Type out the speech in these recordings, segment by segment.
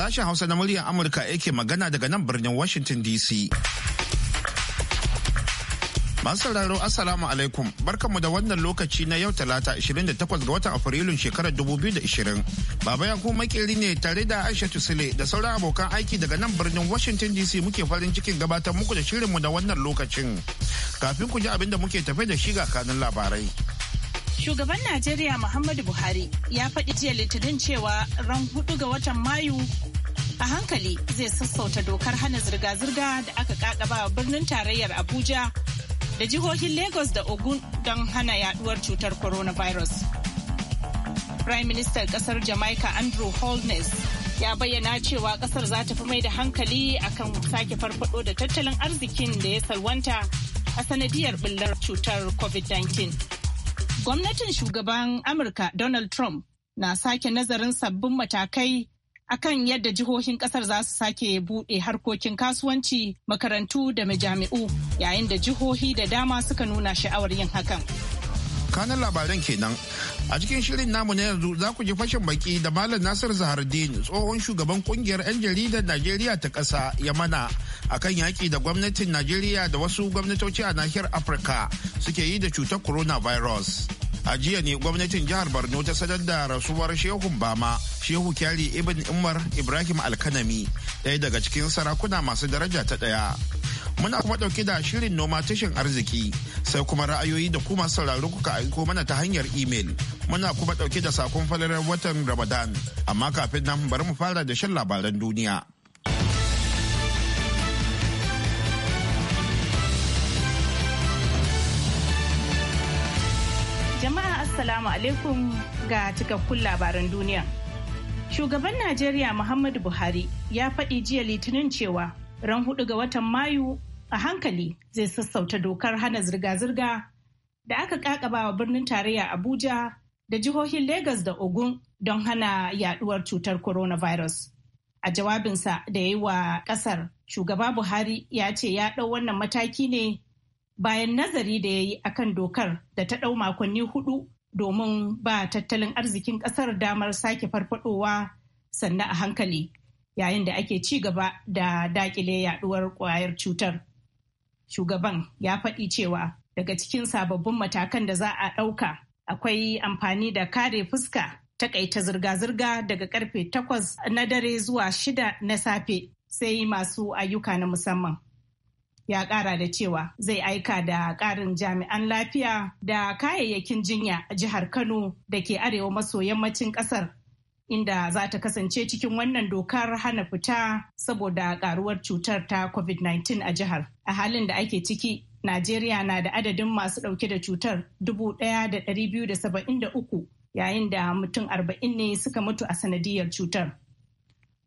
Sashen Hausa na muryar Amurka yake magana daga nan birnin Washington DC. Masu sauraro Assalamu alaikum barkanmu da wannan lokaci na yau talata 28 ga watan Afrilun shekarar 2020. Baba ya kuma makeri ne tare da Aisha Sule da sauran abokan aiki daga nan birnin Washington DC muke farin cikin gabatar muku da shirinmu da wannan lokacin. Kafin ku ji abin da muke tafe da shi ga kanun labarai. Shugaban Najeriya Muhammadu Buhari ya faɗi jiya Litinin cewa ran hudu ga watan Mayu a hankali zai sassauta dokar hana zirga-zirga da aka kakaba birnin tarayyar abuja da jihohin lagos da ogun don hana yaduwar cutar coronavirus prime minister kasar jamaica andrew holness ya bayyana cewa kasar za ta fi mai da hankali akan sake farfado da tattalin arzikin da ya salwanta a sanadiyar ɓillar cutar covid-19 gwamnatin shugaban amurka donald trump na sake nazarin sabbin matakai akan yadda jihohin kasar za su sake buɗe harkokin kasuwanci makarantu da majami'u yayin da jihohi da dama suka nuna sha'awar yin hakan. kanan labaran kenan a cikin shirin namu na yanzu za ku ji fashin baki da malam nasir zahardin tsohon shugaban kungiyar 'yan jaridar najeriya ta ƙasa yamana akan yaƙi da gwamnatin najeriya da wasu gwamnatoci a nahiyar afirka suke yi da cutar coronavirus. virus a jiya ne gwamnatin jihar borno ta sanar da rasuwar Shehu bama shehu kyari ibn umar ibrahim alkanami ɗaya daga cikin sarakuna masu daraja ta ɗaya muna kuma ɗauke da shirin noma tashin arziki sai kuma ra'ayoyi da kuma sauraro kuka aiko mana ta hanyar imel muna kuma ɗauke da sakon falalar watan ramadan amma kafin nan bari mu fara da shan labaran duniya Assalamu alaikum ga cikakkun labaran duniya. Shugaban Najeriya Muhammadu Buhari ya faɗi jiya litinin cewa ran hudu ga watan Mayu a hankali zai sassauta dokar hana zirga-zirga da aka kakaba wa birnin tarayya Abuja da jihohin Legas da Ogun don hana yaduwar cutar coronavirus. A jawabinsa da ya yi wa ƙasar, shugaba Buhari ya ce ya ɗau wannan mataki ne bayan nazari da ya yi akan dokar da ta ɗau makonni hudu domin ba tattalin arzikin kasar damar sake farfadowa sannan a hankali yayin da ake ci gaba da dakile yaduwar kwayar cutar shugaban ya faɗi cewa daga cikin sababbin matakan da za a ɗauka akwai amfani da kare fuska takaita zirga-zirga daga karfe takwas na dare zuwa shida na safe sai masu ayyuka na musamman ya kara da cewa zai aika da karin jami'an lafiya da kayayyakin jinya a jihar kano da ke arewa maso yammacin kasar inda za ta kasance cikin wannan dokar hana fita saboda karuwar cutar ta covid-19 a jihar a halin da ake ciki najeriya na da adadin masu dauke da cutar 1,273 yayin da mutum 40 ne suka mutu a sanadiyar cutar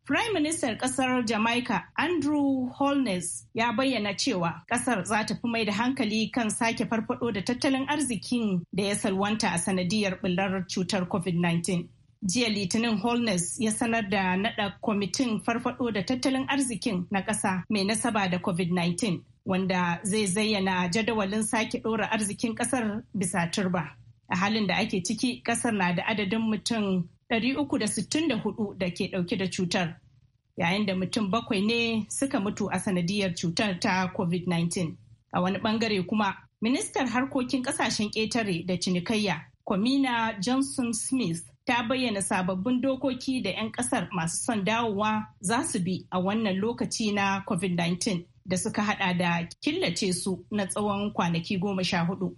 Prime Minister kasar Jamaica Andrew Holness ya bayyana cewa ƙasar za ta fi mai da hankali kan sake farfado da tattalin arzikin da ya salwanta a sanadiyar bullar cutar COVID-19. Jiya Litinin Holness ya sanar da nada kwamitin farfado da tattalin arzikin na ƙasa mai nasaba da COVID-19 wanda zai zayyana jadawalin sake ɗora arzikin ƙasar bisa turba. a halin da ake ciki kasar na da adadin mutum 364 da ke dauke da cutar yayin da mutum bakwai ne suka mutu a sanadiyar cutar ta covid-19 a wani bangare kuma ministar harkokin kasashen ƙetare da cinikayya kwamina johnson smith ta bayyana sababbin dokoki da 'yan kasar masu son dawowa za su bi a wannan lokaci na covid-19 da suka hada da killace su na tsawon kwanaki goma sha hudu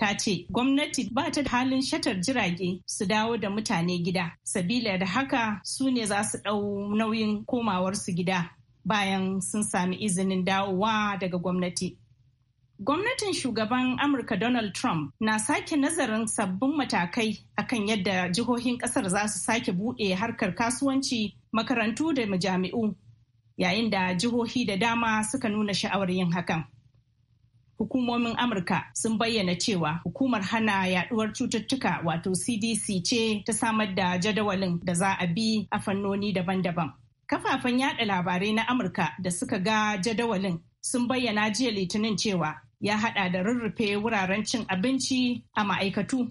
ta ce gwamnati ba ta da halin shatar jirage su dawo da mutane gida sabila da haka su ne za su ɗau nauyin komawarsu gida bayan sun sami izinin dawowa daga gwamnati Gwamnatin shugaban Amurka Donald Trump na sake nazarin sabbin matakai akan yadda jihohin kasar za su sake buɗe harkar kasuwanci, makarantu da majami'u, yayin da jihohi da dama suka nuna sha'awar yin hakan. hukumomin Amurka sun bayyana cewa hukumar hana yaduwar cututtuka wato CDC ce ta samar da jadawalin da za a bi a fannoni daban-daban. Kafafen yada labarai na Amurka da suka ga jadawalin sun bayyana jiya litinin cewa ya hada da rurrufe wuraren cin abinci a ma'aikatu.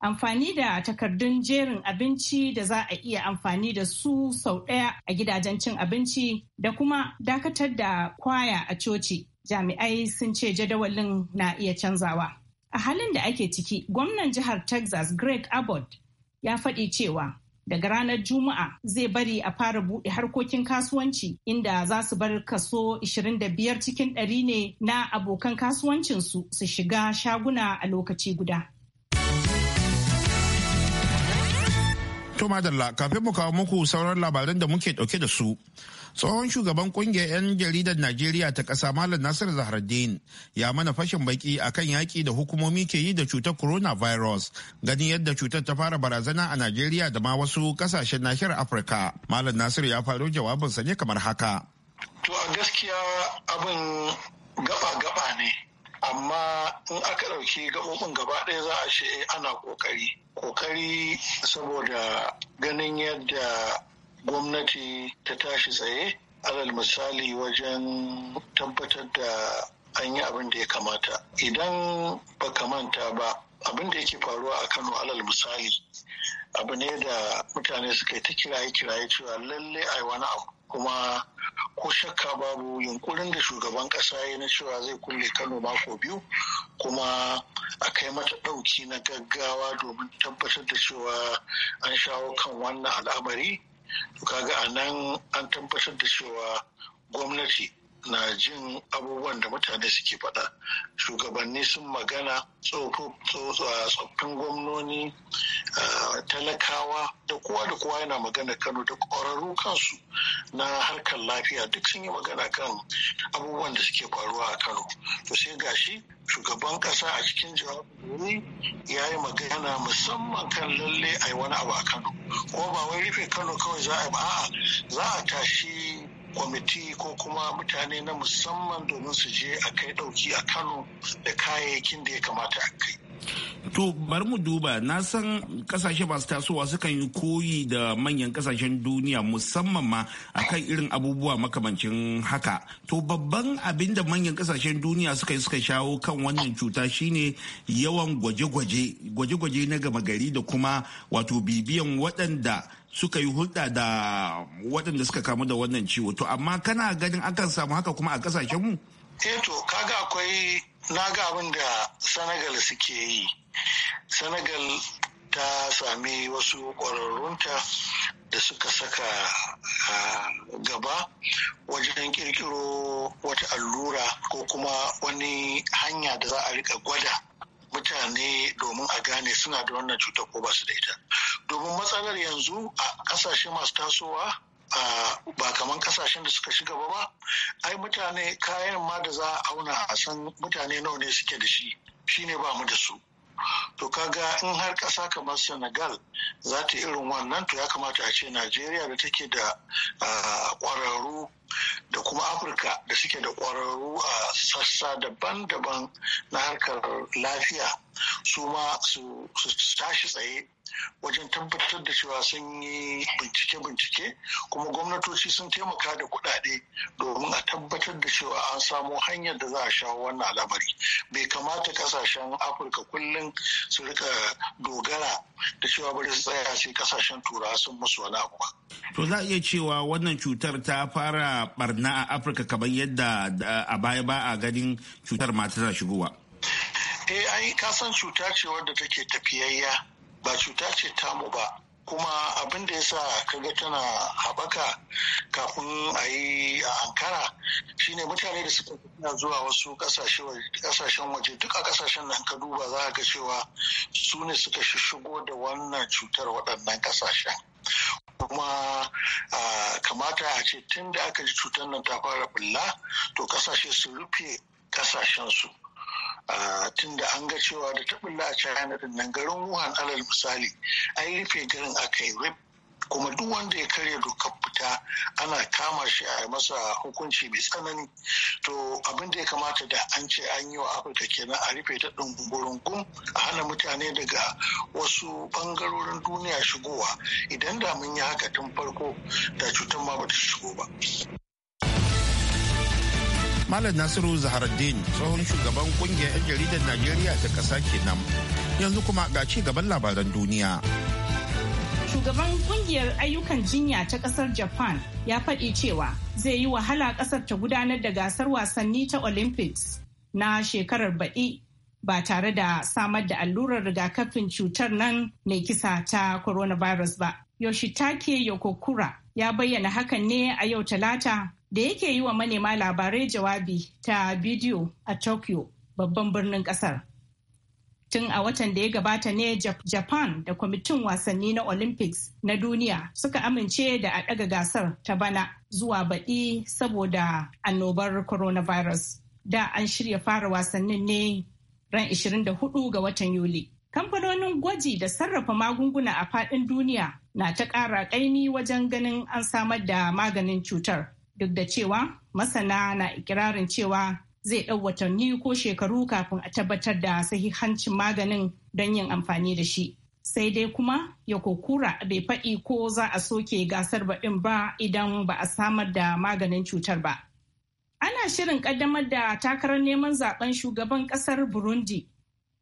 Amfani da takardun jerin abinci da za a iya amfani da su sau ɗaya a gidajen cin abinci da kuma dakatar da kwaya a coci jami'ai sun ce jadawalin na iya canzawa. A halin da ake ciki, gwamnan jihar Texas Greg Abbott ya faɗi cewa daga ranar Juma'a zai bari a fara buɗe harkokin kasuwanci inda za su bar kaso 25 cikin ɗari ne na abokan kasuwancinsu su shiga shaguna a lokaci guda. To madalla kafin mu kawo muku sauran labaran da muke dauke da su. Tsohon shugaban kungiyar 'yan jaridar Najeriya ta ƙasa Malam Nasir Zahardin ya mana fashin baki akan yaƙi da hukumomi ke yi da cutar coronavirus gani yadda cutar ta fara barazana a Najeriya da ma wasu ƙasashen nahiyar Afirka. Malam Nasir ya faro jawabinsa ne kamar haka. To a gaskiya abin gaba-gaba ne. amma in aka ɗauki gaɓoɓin gaba ɗaya za a ce ana ƙoƙari ƙoƙari saboda ganin yadda gwamnati ta tashi tsaye alal misali wajen tabbatar da an yi abin da ya kamata idan baka manta ba abin da yake faruwa a kano alal misali abu ne da mutane suka yi ta kiraye kiraye cewa lalle a yi wani abu kuma ko shakka babu yunkurin da shugaban kasa ya na cewa zai kulle kano mako biyu kuma a kai mata ɗauki na gaggawa domin tabbatar da cewa an shawo kan wannan al'amari to kaga a nan an tabbatar da cewa gwamnati na jin abubuwan da mutane suke faɗa shugabanni sun magana tsoffin gwamnoni talakawa da kowa da kowa yana magana kano da ƙwararru kansu na harkar lafiya duk sun yi magana kan abubuwan da suke faruwa a kano to sai gashi shugaban ƙasa a cikin jawabi ya yi magana musamman kan lalle a yi wani abu a kano ko ba wai rufe kano kawai za a yi ba za a tashi kwamiti ko kuma mutane na musamman domin su je a kai ɗauki a kano da kayayyakin da ya kamata a kai To bari mu duba na san kasashe masu tasowa sukan yi koyi da manyan kasashen duniya musamman ma akan irin abubuwa makamancin haka. To babban abin da manyan kasashen duniya suka yi suka shawo kan wannan cuta shine yawan gwaje-gwaje, gwaje-gwaje na gama gari da kuma wato bibiyan waɗanda suka yi hulɗa da waɗanda suka kamu da wannan ciwo. To amma kana ganin akan samu haka kuma a kasashen mu? Eh to kaga akwai na ga abin da senegal suke yi senegal ta sami wasu ƙwararrunta da suka saka gaba wajen ƙirƙiro wata allura ko kuma wani hanya da za a rika gwada mutane domin a gane suna da wannan cutar ko ba su da ita domin matsalar yanzu a ƙasashe masu tasowa ba kaman kasashen da suka shiga ba ba ai mutane kayan ma da za a auna a san mutane nawa ne suke da shi shine ba mu da su to kaga in har ƙasa kamar senegal za ta irin wannan to ya kamata a ce najeriya da take da ƙwararru da kuma afirka da suke da ƙwararru a sassa daban-daban na harkar lafiya su ma su tashi tsaye wajen tabbatar da cewa sun yi bincike-bincike kuma gwamnatoci sun taimaka da kuɗaɗe domin a tabbatar da cewa an samo hanyar da za a shawo wannan al'amari bai kamata kasashen afirka kullum su rika dogara da cewa bari su tsaya sai kasashen turawa sun musu wani abu to za a iya cewa wannan cutar ta fara barna a afirka kamar yadda eh, a baya ba a ganin cutar ma tana shigowa eh ai kasan cuta ce wadda take tafiyayya ba cuta ce tamu ba kuma abin da ya sa kaga tana haɓaka kafin a yi a ankara shine mutane da suka na zuwa wasu kasashen waje duk a kasashen nan ka duba za ka cewa su ne suka shigo da wannan cutar waɗannan kasashen kuma kamata a ce tun da aka ji cutar nan ta fara bulla to kasashe su rufe su. tun da an ga cewa da taɓin a china din nan garin wuhan alal misali an rufe garin aka yi kuma duk wanda ya karya dokar fita ana kama shi a masa hukunci mai tsanani to abin da ya kamata da an ce an yi wa afirka kenan a rufe ta gum a hana mutane daga wasu bangarorin duniya shigowa idan da mun yi haka tun farko da cutar ma bata shigo ba Malam Nasiru Zaharaddin tsohon shugaban kungiyar 'yan jaridar Najeriya ta ƙasa kenan. Yanzu kuma ga ci gaban labaran duniya. Shugaban kungiyar ayyukan jinya ta ƙasar Japan ya faɗi cewa zai yi wahala ƙasar ta gudanar da gasar wasanni ta Olympics na shekarar baɗi ba tare da samar da allurar rigakafin cutar nan mai kisa ta coronavirus ba. Yoshitake Yokokura ya bayyana hakan ne a yau talata da yake yi wa manema labarai jawabi ta bidiyo a Tokyo babban birnin kasar. Tun a watan da ya gabata ne Japan da kwamitin wasanni na Olympics na duniya suka amince da a ɗaga gasar ta bana zuwa baɗi saboda annobar coronavirus. Da an shirya fara wasannin ne ran 24 ga watan Yuli. Kamfanonin gwaji da sarrafa magunguna a faɗin duniya na ta ƙara ƙaimi wajen ganin an samar da maganin cutar. duk da cewa masana na ikirarin cewa zai ɗau watanni ko shekaru kafin a tabbatar da sahihancin maganin don yin amfani da shi sai dai kuma ya kokura bai faɗi ko za a soke gasar baɗin ba idan ba a samar da maganin cutar ba ana shirin ƙaddamar da takarar neman zaben shugaban ƙasar burundi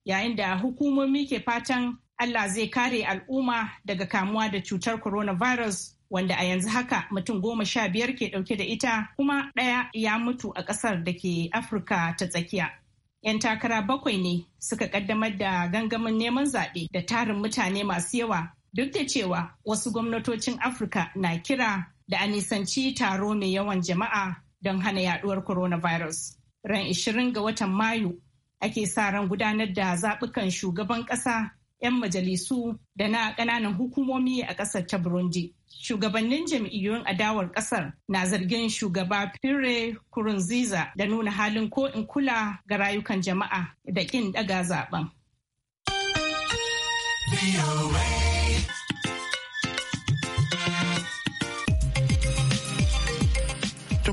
yayin da hukumomi ke fatan Allah zai kare al'umma daga kamuwa da cutar coronavirus wanda a yanzu haka mutum goma sha biyar ke dauke da ita kuma ɗaya ya mutu a ƙasar da ke Afirka ta tsakiya. 'Yan takara bakwai ne suka ƙaddamar da gangamin neman zaɓe da tarin mutane masu yawa duk da cewa wasu gwamnatocin Afirka na kira da a nisanci taro mai yawan jama'a don hana yaduwar coronavirus. Ran 20 ga watan Mayu ake sa ran gudanar da zaɓukan shugaban ƙasa 'yan majalisu da na ƙananan hukumomi a ƙasar ta Burundi. Shugabannin jam'iyyun adawar ƙasar na zargin shugaba Pierre Kurunziza da nuna halin ko in kula ga rayukan jama'a da ƙin ɗaga zaben.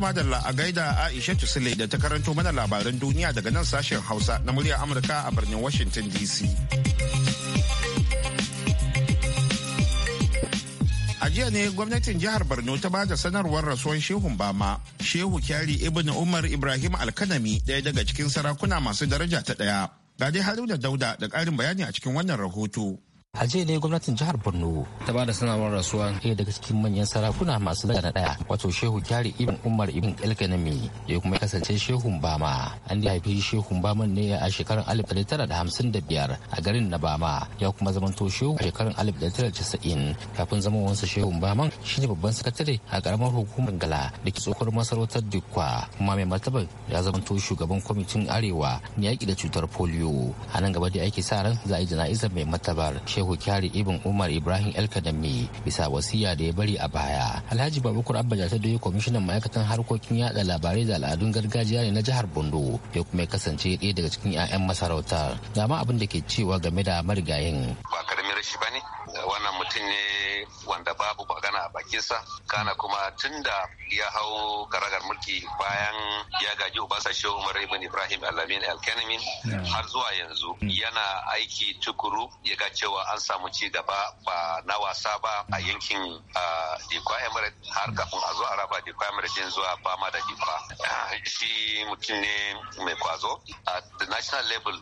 madalla a gaida Aisha Tusile da ta karanto mana labaran duniya daga nan sashen Hausa na muryar Amurka a birnin Washington DC. jiya ne gwamnatin jihar Borno ta bada sanarwar rasuwan Shehun Bama, Shehu Kyari Ibn Umar Ibrahim Alkanami daya daga cikin sarakuna masu daraja ta ɗaya. Ga dai Haruna Dauda da ƙarin bayani a cikin wannan rahoto. a jiya ne gwamnatin jihar borno ta ba da sanarwar rasuwa ɗaya daga cikin manyan sarakuna masu daga na ɗaya wato shehu kyari ibn umar ibn kalkanami da kuma kasance shehun bama an da haifi shehun baman ne a shekarar alif da tara da hamsin da biyar a garin na bama ya kuma zamanto shehu a shekarar alif da tara casa'in kafin zamanwansa shehun baman shine babban sakatare a karamar hukumar gala da ke tsokar masarautar dukwa kuma mai matabar ya zamanto shugaban kwamitin arewa na yaƙi da cutar polio a nan gaba da ake sa ran za a yi jana'izar mai martabar shehu kyari ibn umar ibrahim el kadami bisa wasiya da ya bari a baya alhaji babu babakur abba jata da kwamishinan ma'aikatan harkokin yada labarai da al'adun gargajiya ne na jihar bondo ya kuma kasance ɗaya daga cikin 'ya'yan masarautar ga ma abin da ke cewa game da marigayin ba karamin rashi ba ne wannan mutum ne wanda babu magana a bakinsa kana kuma tunda ya hau karagar mulki bayan ya gaji shehu Umar Ibn Ibrahim Alamin Alkanimin har zuwa yanzu mm. yana aiki tukuru ya ga cewa an samu ci gaba ba na wasa ba a yankin uh, Dikwa Emirate har kafin a zo araba raba Dikwa Emirate din zuwa Bama da Dikwa ah, shi mutum ne mai kwazo a the national level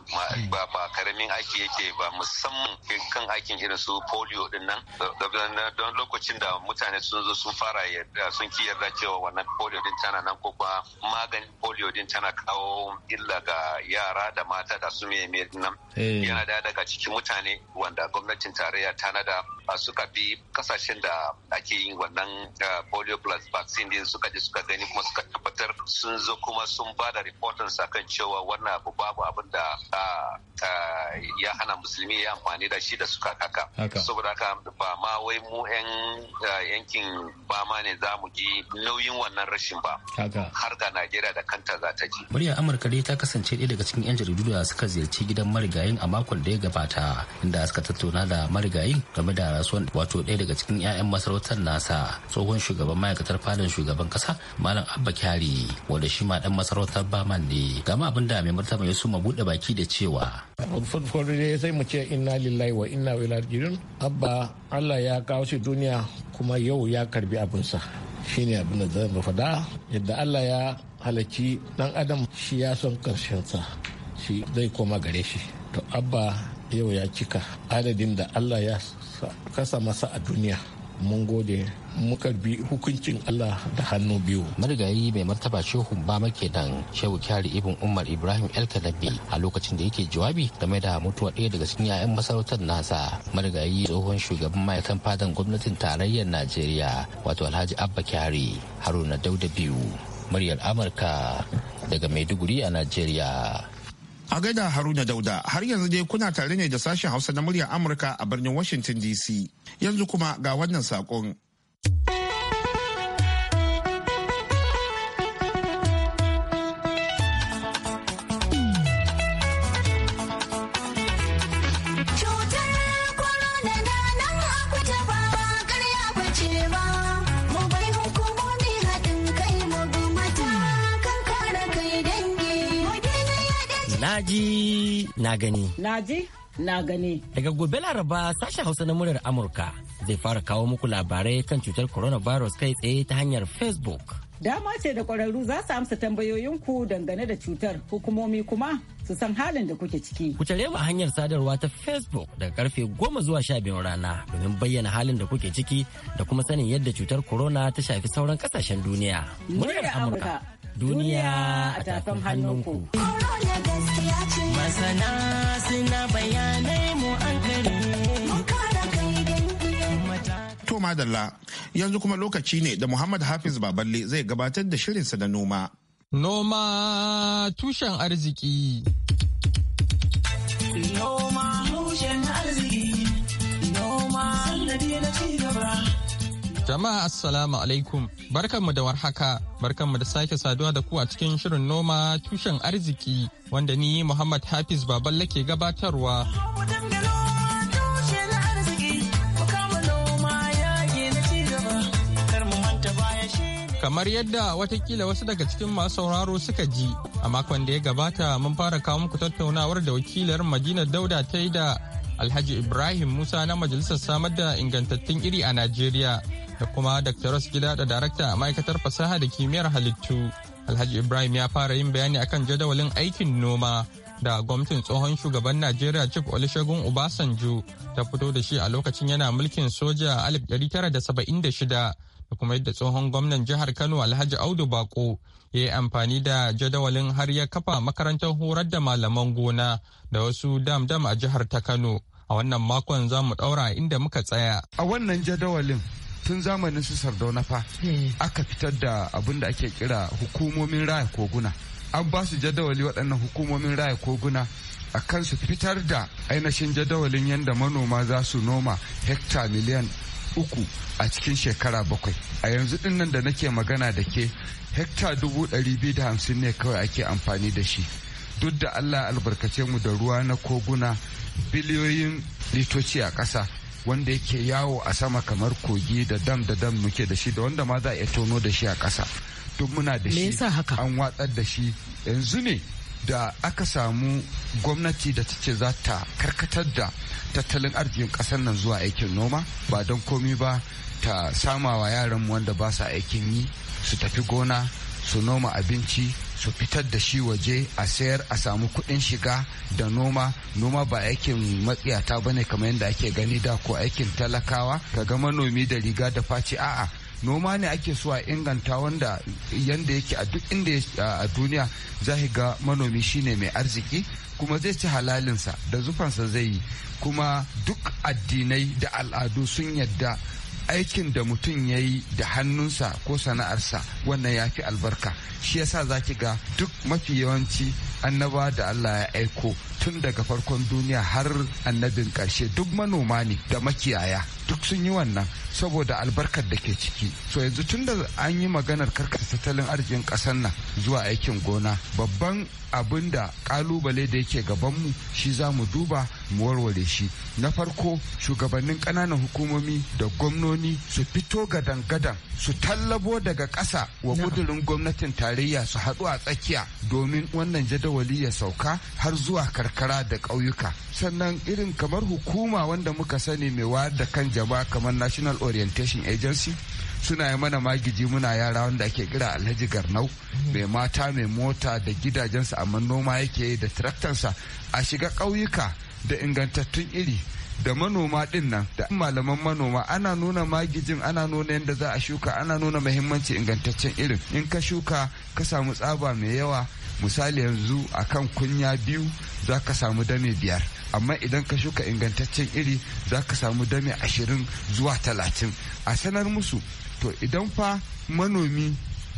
ba karamin aiki yake ba musamman kan aikin irin su polio polio din nan don lokacin da mutane sun zo sun fara yadda sun ki yarda cewa wannan polio din tana nan ko kuma maganin polio din tana kawo illa ga yara da mata da su din nan eh. yana da daga cikin mutane wanda gwamnatin tarayya tanada suka bi kasashen da ake yin wannan polio plus vaccine din suka je suka gani kuma suka tabbatar sun zo kuma sun ba da sa kan cewa wannan abu babu abin da ya hana musulmi ya amfani da shi da suka kaka saboda haka ba ma wai mu 'yan yankin ba ma ne za mu ji nauyin wannan rashin ba har ga najeriya da kanta za ta ji Murya amurka dai ta kasance ɗaya daga cikin 'yan jaridu da suka ziyarci gidan marigayin a makon da ya gabata inda suka tattauna da marigayin game da rasuwan wato ɗaya daga cikin 'ya'yan masarautar nasa tsohon shugaban ma'aikatar fadan shugaban kasa malam abba kyari wanda shi ma dan masarautar baman ne gama abin da mai martaba ya suma buɗe baki da cewa farko sai mu ce inna lillahi wa inna ilaihi raji'un abba ba allah ya kawo shi duniya kuma yau ya karbi abinsa shine abin da zan faɗa yadda allah ya halaki dan adam shi ya son karshensa shi zai koma gare shi to abba yau ya cika adadin da allah ya kasa masa a duniya mun gode muka bi hukuncin Allah da hannu biyu. Marigayi mai martaba Shehu Bama dan Shehu Kyari Ibn Umar Ibrahim El kalabi a lokacin da yake jawabi game da mutuwa ɗaya daga cikin 'ya'yan masarautar nasa. Marigayi tsohon shugaban ma'aikatan fadan gwamnatin tarayyar Najeriya wato Alhaji Abba Kyari Haruna Dauda biyu. Muryar Amurka daga Maiduguri a Najeriya. A gaida Haruna Dauda har yanzu dai kuna tare ne da sashen Hausa na muryar Amurka a birnin Washington DC. Yanzu kuma ga wannan saƙon. Naji na gani. Naji na gani. Daga gobe Laraba sashen Hausa na muryar Amurka zai fara kawo muku labarai kan cutar coronavirus kai tsaye ta hanyar Facebook. Dama ce da ƙwararru za su amsa tambayoyinku dangane da cutar hukumomi kuma su san halin da kuke ciki. Ku tare mu hanyar sadarwa ta Facebook daga karfe goma zuwa sha biyun rana domin bayyana halin da kuke ciki da kuma sanin yadda cutar corona ta shafi sauran kasashen duniya. Muryar Amurka duniya a tafin hannunku. Masana suna bayanai mu an To madalla yanzu kuma lokaci ne da Muhammad Hafiz Baballe zai gabatar da shirinsa da noma. Noma tushen arziki. Noma tushen arziki. Noma sannadi na ci gaba. Jama'a Assalamu alaikum barkanmu da warhaka barkanmu da sake saduwa da ku a cikin shirin noma tushen arziki wanda ni Muhammad Hafiz Baballe ke gabatarwa. Kamar yadda watakila wasu daga cikin masu sauraro suka ji a makon da ya gabata mun fara kawo muku tattaunawar da wakilar madinar Dauda ta yi da Alhaji Ibrahim Musa na Majalisar Samar da Ingantattun Iri a Najeriya. da kuma Dr. Ross Gida da darakta a ma'aikatar fasaha da kimiyyar halittu. Alhaji Ibrahim ya fara yin bayani akan jadawalin aikin noma da gwamnatin tsohon shugaban Najeriya Chief Olusegun Obasanjo ta fito da shi a lokacin yana mulkin soja a 1976 da kuma yadda tsohon gwamnan jihar Kano Alhaji Audu Bako ya yi amfani da jadawalin har ya kafa makarantar horar da malaman gona da wasu dam-dam a jihar ta Kano. A wannan makon za mu ɗaura inda muka tsaya. A wannan jadawalin tun zamanin su sardauna fa eh. aka fitar da abin da ake kira hukumomin raya koguna an ba su jadawali waɗannan hukumomin raya koguna a kan su fitar da ainihin jadawalin yadda manoma za su noma hekta miliyan uku a cikin shekara bakwai a yanzu din nan da nake magana da ke hekta dubu ɗari biyu da hamsin ne kawai ake amfani da shi duk da allah albarkace mu da ruwa na koguna biliyoyin litoci a ƙasa wanda yake yawo a sama kamar kogi da dam da dam muke da shi da wanda ma za a iya tono da shi a ƙasa duk muna da shi an watsar da shi yanzu ne da aka samu gwamnati da ta ce za ta karkatar da tattalin arzikin ƙasar nan zuwa aikin noma ba don komi ba ta samawa yaran wanda ba sa aikin yi su tafi gona su noma abinci su fitar da shi waje a sayar a samu kuɗin shiga da noma noma ba aikin matsiyata ba ne kamar yadda ake gani da ko aikin talakawa kaga manomi da riga da face a'a noma ne ake so a inganta wanda yanda yake a duk inda a duniya za ga manomi shine mai arziki kuma zai ci halalinsa da zufansa zai yi kuma duk addinai da al'adu sun yadda aikin da mutum ya yi da hannunsa ko sana'arsa wannan ya fi albarka shi yasa za ki ga duk mafi yawanci annaba da Allah ya aiko tun daga farkon duniya har annabin ƙarshe duk manoma ne da makiyaya duk sun yi wannan saboda albarkar da ke ciki so yanzu tun da an yi maganar karkata tattalin arzikin ƙasar nan zuwa aikin gona babban abin da kalubale da yake gabanmu shi za mu duba mu warware shi na farko shugabannin ƙananan hukumomi da gwamnoni su fito gadan-gadan su tallabo daga ƙasa wa gudurin gwamnatin tarayya su haɗu a tsakiya domin wannan jadawali ya sauka har zuwa karkara da ƙauyuka sannan irin kamar hukuma wanda muka sani mai wayar da kan jama'a kamar national orientation agency suna yi mana magiji muna yara wanda ake kira alhaji garnau mai mata mai mota da gidajensa amma noma yake da traktansa a shiga kauyuka da ingantattun iri da manoma din nan da malaman manoma ana nuna magijin ana nuna yadda za a shuka ana nuna mahimmanci ingantaccen irin in ka shuka ka samu tsaba mai yawa misali yanzu a kan kunya biyu za ka samu dame biyar amma idan ka shuka ingantaccen iri za ka samu dami ashirin zuwa talatin a sanar musu to idan fa manomi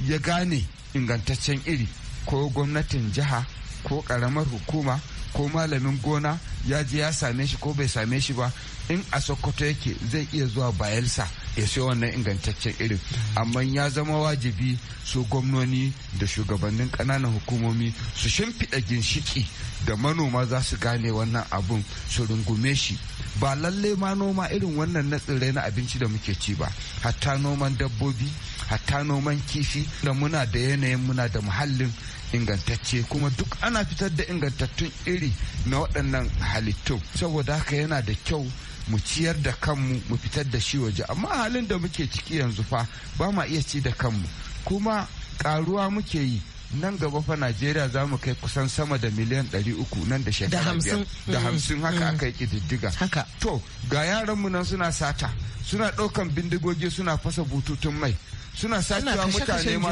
ya gane ingantaccen iri ko gwamnatin jiha ko ƙaramar hukuma ko malamin gona ya je ya same shi ko bai same shi ba in a sokoto yake zai iya zuwa bayelsa ya sayo wannan ingantaccen irin amma ya zama wajibi su gwamnoni da shugabannin ƙananan hukumomi su shimfiɗa ginshiki da manoma za su gane wannan abun su rungume shi ba lalle ma noma irin wannan na tsirrai na abinci da muke ci ba hatta noman dabbobi hatta noman kifi da muna da yanayin muna da muhallin ingantacce kuma duk ana fitar da ingantattun iri na waɗannan halittu saboda haka yana da kyau mu ciyar da kanmu mu fitar da shi waje amma halin da muke ciki yanzu fa ba ma iya ci da kanmu kuma karuwa muke yi nan gaba fa Najeriya za mu kai kusan sama da miliyan 300 nan da shekara da hamsin mm. haka mm. aka yi kididdiga. To ga yaran mu nan suna sata suna ɗaukan bindigogi suna fasa bututun mai suna sacewa mutane ma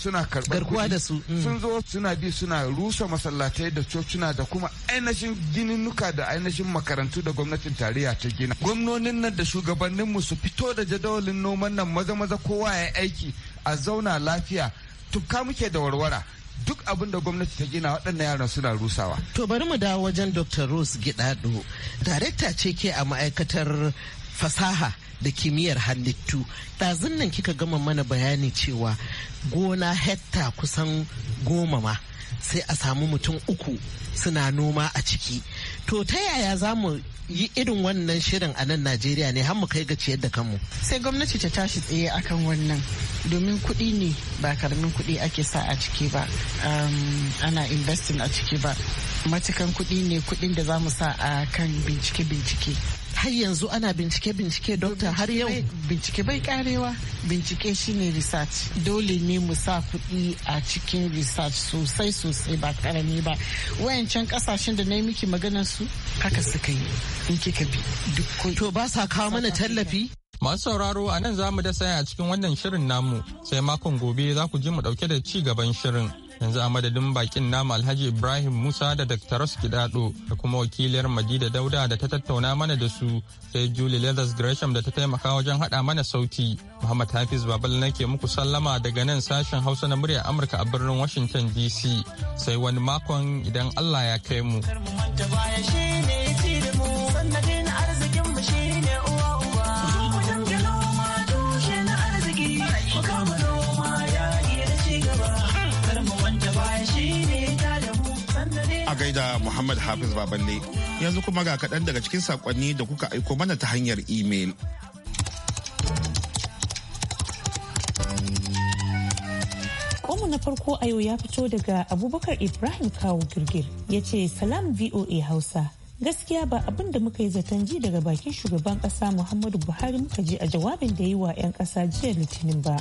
suna karɓar kuɗi mm. sun zo suna bi suna rusa masallatai da cocina da kuma ainihin gininuka da ainihin makarantu da gwamnatin tarayya ta gina gwamnonin nan da shugabannin mu su fito da jadawalin noman nan maza maza kowa ya aiki a zauna lafiya tufka muke da warwara duk abin da gwamnati ta gina waɗannan yaran suna rusawa. To bari mu dawo wajen Dr. Rose Gidado, director ce ke a ma'aikatar fasaha da kimiyyar halittu ɗazun nan kika gama mana bayani cewa gona hekta kusan goma ma sai a samu mutum uku suna noma a ciki to ta yaya za mu yi irin wannan shirin a nan najeriya ne har mu kai ga yadda kanmu sai gwamnati ta tashi tsaye akan wannan domin kuɗi ne ba karamin kuɗi ake sa a ciki ba ana investing a ciki ba matukan kuɗi ne kuɗin da za mu sa a kan bincike-bincike har yanzu ana bincike-bincike dokta har yau bincike bai karewa bincike shine research dole ne mu sa kuɗi a cikin research sosai sosai ba karami ba wayancan kasashen da na yi miki maganar su haka suka yi in kika bi to ba sa kawo mana tallafi Masu sauraro a nan za mu da saya a cikin wannan shirin namu sai makon gobe za ku ji mu ɗauke da ci gaban shirin. yanzu a madadin bakin namu alhaji ibrahim musa da roski dado da kuma wakiliyar madida dauda da ta tattauna mana da su sai julie leathers gresham da ta taimaka wajen haɗa mana sauti muhammad hafiz babal nake muku sallama daga nan sashen hausa na muryar amurka a birnin washington dc sai wani makon idan allah ya kai mu. gaida Muhammad Hafiz Baballe. Yanzu kuma ga kaɗan daga cikin saƙonni da kuka aiko mana ta hanyar imel. Mu na farko a yau ya fito daga Abubakar Ibrahim Kawo Girgir ya ce Salam VOA Hausa. Gaskiya ba abin da muka yi zaton ji daga bakin shugaban kasa Muhammadu Buhari muka ji a jawabin da ya yi wa 'yan kasa jiya litinin ba.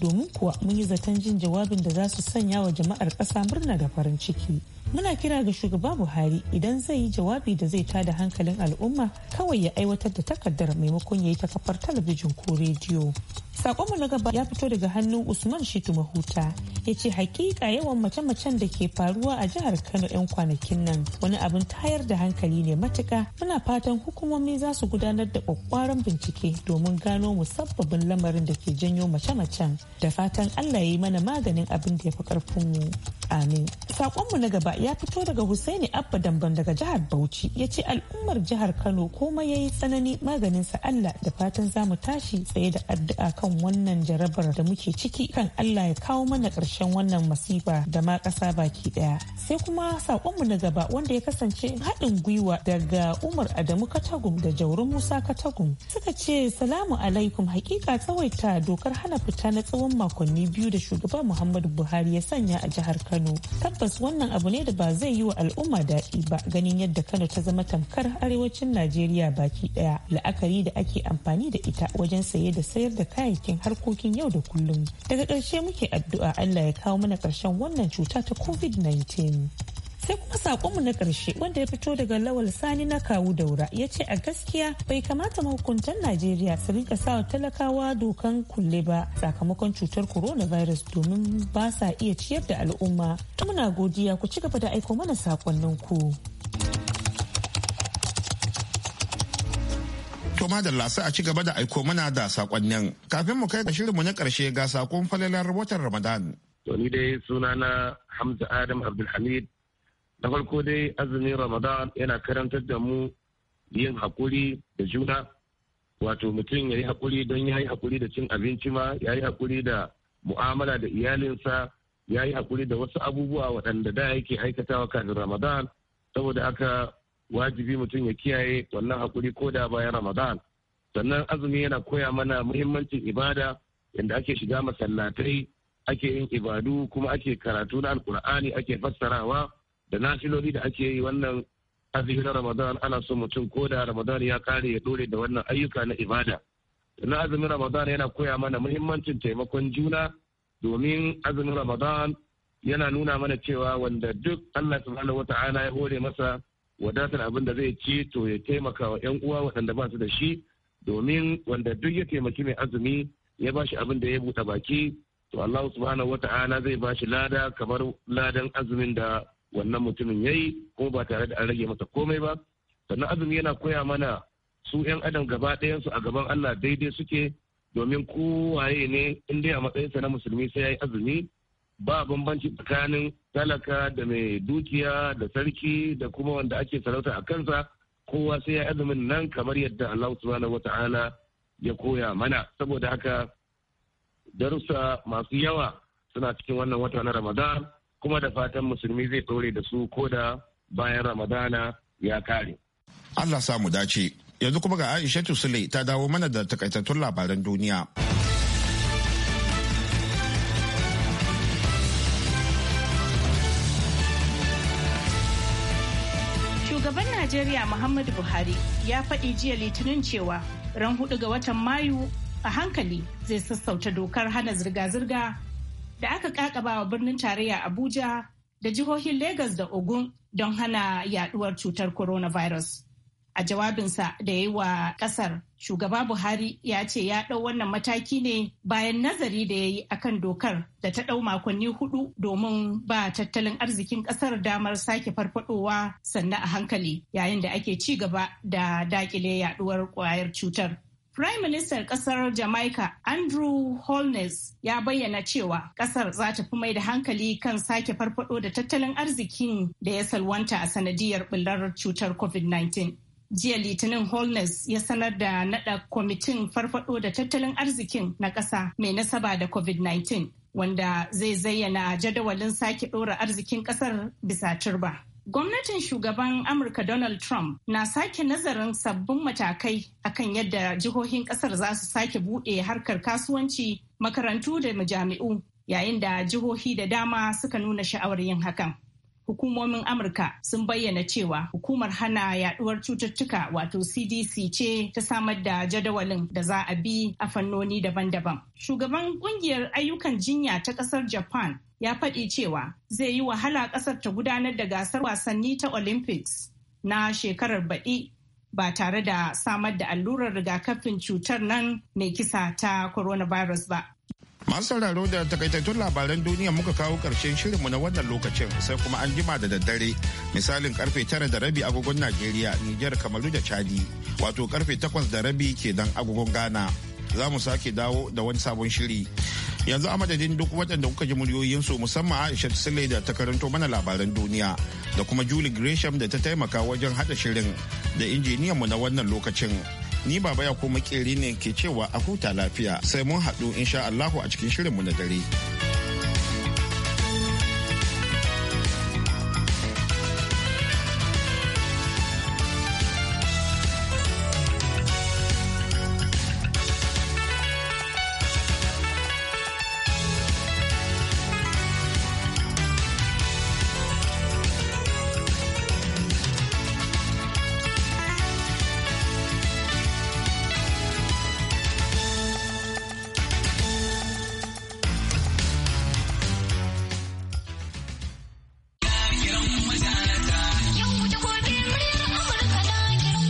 Domin kuwa mun yi zaton jin jawabin da za su sanya wa jama'ar kasa murna da farin ciki. muna kira ga shugaba buhari idan zai yi jawabi da zai tada hankalin al'umma kawai ya aiwatar da takardar maimakon ya yi ta kafar talabijin ko rediyo Sakonmu na gaba ya fito daga hannun Usman Shitu Mahuta. Ya ce hakika yawan mace-macen da ke faruwa a jihar Kano 'yan kwanakin nan wani abin tayar da hankali ne matuka. Muna fatan hukumomi za su gudanar da kwakwaran bincike domin gano musabbabin lamarin da ke janyo mace-macen. Da fatan Allah ya yi mana maganin abin da ya fi karfinmu. Amin. Sakonmu na gaba ya fito daga Husaini Abba Damban daga jihar Bauchi. Ya ce al'ummar jihar Kano komai ya yi tsanani maganinsa Allah da fatan za mu tashi tsaye da addu'a kan kan wannan jarabar da muke ciki kan Allah ya kawo mana ƙarshen wannan masifa da ma ƙasa baki ɗaya. Sai kuma saƙonmu na gaba wanda ya kasance haɗin gwiwa daga Umar Adamu Katagum da Jauro Musa Katagum suka ce salamu alaikum hakika tsawaita dokar hana fita na tsawon makonni biyu da shugaba Muhammadu Buhari ya sanya a jihar Kano. Tabbas wannan abu ne da ba zai yi wa al'umma daɗi ba ganin yadda Kano ta zama tamkar arewacin Najeriya baki ɗaya la'akari da ake amfani da ita wajen saye da sayar da kayan kayayyakin harkokin yau da kullum daga ƙarshe muke addu'a allah ya kawo mana ƙarshen wannan cuta ta covid-19 sai kuma saƙonmu na ƙarshe wanda ya fito daga lawal sani na kawu daura ya ce a gaskiya bai kamata mahukuntan najeriya su rika sa talakawa dokan kulle ba sakamakon cutar coronavirus domin ba sa iya ciyar da al'umma muna godiya ku ci gaba da aiko mana sakonnin ku To madalla sai a ci gaba da aiko mana da sakonnin. Kafin mu kai ga shirinmu na karshe ga sakon falalar watan Ramadan. To ni dai suna na Hamza Adam Abdulhamid. Na farko dai azumin Ramadan yana karantar da mu yin hakuri da juna. Wato mutum ya yi hakuri don ya yi hakuri da cin abinci ma, ya yi hakuri da mu'amala da iyalinsa, ya yi hakuri da wasu abubuwa waɗanda da yake aikatawa kafin Ramadan. Saboda haka wajibi mutum ya kiyaye wannan hakuri ko da bayan ramadan sannan azumi yana koya mana muhimmancin ibada inda ake shiga masallatai ake yin ibadu kuma ake karatu na alkur'ani ake fassarawa da nafiloli da ake yi wannan azumi na ramadan ana so mutum ko da ramadan ya kare ya dore da wannan ayyuka na ibada sannan azumin ramadan yana koya mana muhimmancin taimakon juna domin azumin ramadan yana nuna mana cewa wanda duk allah subhanahu ta'ala ya hore masa wadatar abin da zai ci to ya taimaka wa 'yan uwa waɗanda ba su da shi domin wanda duk ya taimaki mai azumi ya bashi abin da ya buɗe baki to Allah subhanahu wata'ala zai shi lada kamar ladan azumin da wannan mutumin yayi ko ba tare da an rage masa komai ba sannan azumi yana koya mana su 'yan adam gaba ɗayansu a gaban Allah daidai suke domin kowaye ne in dai a matsayinsa na musulmi sai ya yi azumi ba bambanci tsakanin talaka da mai dukiya da sarki da kuma wanda ake sarauta a kansa kowa sai ya azumin nan kamar yadda Allah subhanahu wata'ala ya koya mana saboda haka darussa masu yawa suna cikin wannan wata na Ramadan kuma da fatan musulmi zai ɗore da su ko da bayan Ramadana ya kare. Allah samu dace yanzu kuma ga Aisha Sule ta dawo mana da takaitattun labaran duniya. Shugaban Najeriya Muhammadu Buhari ya faɗi jiya litinin cewa ran hudu ga watan Mayu a hankali zai sassauta dokar hana zirga-zirga da aka kakaba wa birnin tarayya Abuja da jihohin Legas da Ogun don hana yaduwar cutar coronavirus. a jawabinsa da ya yi wa kasar shugaba buhari ya ce ya ɗau wannan mataki ne bayan nazari da ya yi akan dokar da ta ɗau makonni hudu domin ba tattalin arzikin ƙasar damar sake farfadowa sannan a hankali yayin da ake ci gaba da dakile yaɗuwar ƙwayar cutar Prime Minister kasar Jamaica Andrew Holness ya bayyana cewa kasar za ta fi mai da hankali kan sake farfado da tattalin arzikin da ya salwanta a sanadiyar bullar cutar COVID-19. jiya litinin holness ya sanar da nada kwamitin farfado da tattalin arzikin na ƙasa mai nasaba da covid-19 wanda zai zayyana jadawalin sake ɗora arzikin ƙasar bisa turba gwamnatin shugaban amurka donald trump na sake nazarin sabbin matakai akan yadda jihohin ƙasar za su sake buɗe harkar kasuwanci makarantu da majami'u yayin da jihohi da dama suka nuna sha'awar yin hakan hukumomin Amurka sun bayyana cewa hukumar hana yaduwar cututtuka wato CDC ce ta samar da jadawalin da za a bi a fannoni daban-daban. Shugaban kungiyar ayyukan jinya ta kasar Japan ya faɗi cewa zai yi wahala ƙasar ta gudanar da gasar wasanni ta Olympics na shekarar baɗi ba tare da samar da allurar rigakafin cutar nan mai kisa ta coronavirus ba. Masu sauraro da takaitattun labaran duniya muka kawo ƙarshen shirinmu na wannan lokacin sai kuma an jima da daddare misalin karfe tara da rabi agogon Najeriya, niger Kamaru da Chadi, wato karfe takwas da rabi ke dan agogon Ghana. Za mu sake dawo da wani sabon shiri. Yanzu a madadin duk waɗanda kuka ji muryoyinsu musamman Aisha Sule da ta karanto mana labaran duniya da kuma Julie Gresham da ta taimaka wajen haɗa shirin da injiniyanmu na wannan lokacin. Ni baba ya ko makeri ne ke cewa a huta lafiya sai mun haɗu insha Allahu a cikin shirinmu na dare.